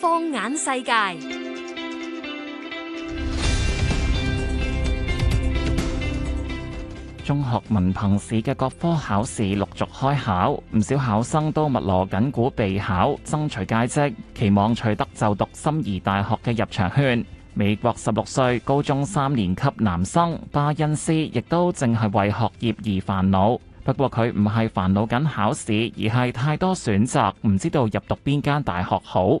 放眼世界，中學文憑試嘅各科考試陸續開考，唔少考生都密鑼緊鼓備考，爭取佳績，期望取得就讀心儀大學嘅入場券。美國十六歲高中三年級男生巴恩斯亦都正係為學業而煩惱。不過，佢唔係煩惱緊考試，而係太多選擇，唔知道入讀邊間大學好。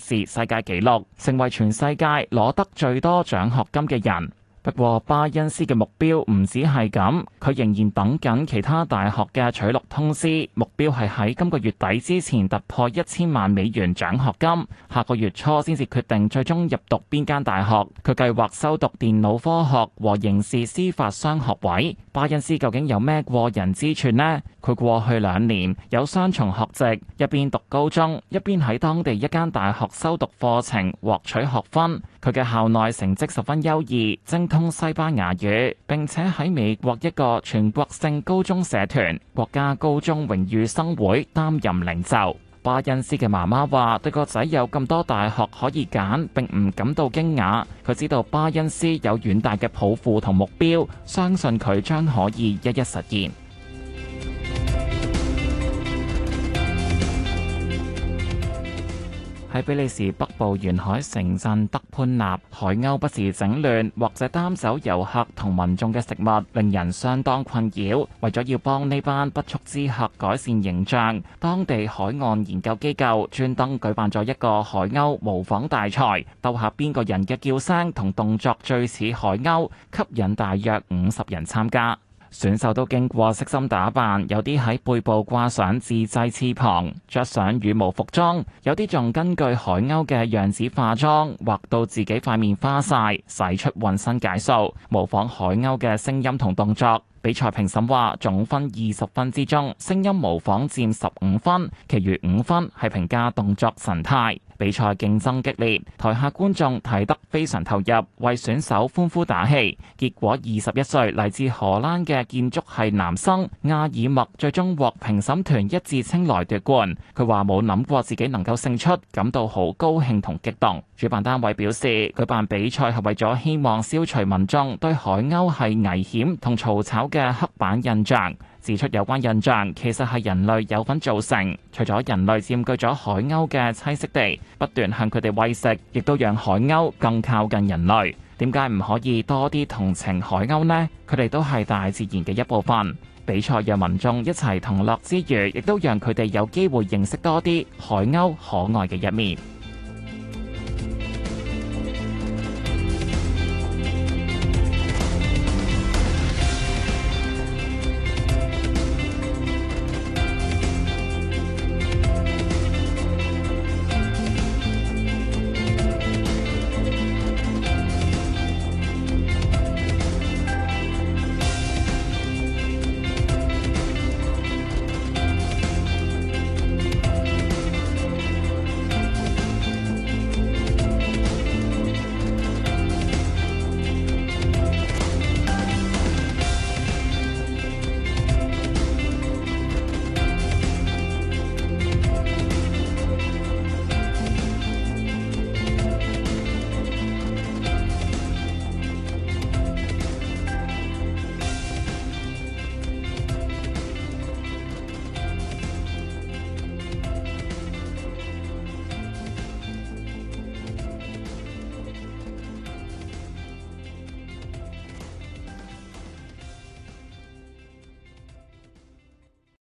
是世界紀錄，成為全世界攞得最多獎學金嘅人。和巴恩斯嘅目標唔止係咁，佢仍然等緊其他大學嘅取錄通知，目標係喺今個月底之前突破一千萬美元獎學金。下個月初先至決定最終入讀邊間大學。佢計劃修讀電腦科學和刑事司法雙學位。巴恩斯究竟有咩過人之處呢？佢過去兩年有雙重學籍，一邊讀高中，一邊喺當地一間大學修讀課程獲取學分。佢嘅校內成績十分優異，精通西班牙語，並且喺美國一個全國性高中社團——國家高中榮譽生會擔任領袖。巴恩斯嘅媽媽話：對個仔有咁多大學可以揀，並唔感到驚訝。佢知道巴恩斯有遠大嘅抱負同目標，相信佢將可以一一實現。喺比利時北部沿海城鎮德潘納，海鷗不時整亂或者擔走遊客同民眾嘅食物，令人相當困擾。為咗要幫呢班不速之客改善形象，當地海岸研究機構專登舉辦咗一個海鷗模仿大賽，鬥下邊個人嘅叫聲同動作最似海鷗，吸引大約五十人參加。選手都經過悉心打扮，有啲喺背部掛上自製翅膀，着上羽毛服裝，有啲仲根據海鷗嘅樣子化妝，畫到自己塊面花晒，使出渾身解數，模仿海鷗嘅聲音同動作。比賽評審話，總分二十分之中，聲音模仿佔十五分，其餘五分係評價動作神態。比賽競爭激烈，台下觀眾睇得非常投入，為選手歡呼打氣。結果，二十一歲嚟自荷蘭嘅建築系男生阿爾默最終獲評審團一致青睞奪冠。佢話冇諗過自己能夠勝出，感到好高興同激動。主辦單位表示，舉辦比賽係為咗希望消除民眾對海鷗係危險同嘈吵。嘅刻板印象，指出有關印象其實，係人類有份造成。除咗人類佔據咗海鷗嘅棲息地，不斷向佢哋餵食，亦都讓海鷗更靠近人類。點解唔可以多啲同情海鷗呢？佢哋都係大自然嘅一部分。比賽讓民眾一齊同樂之餘，亦都讓佢哋有機會認識多啲海鷗可愛嘅一面。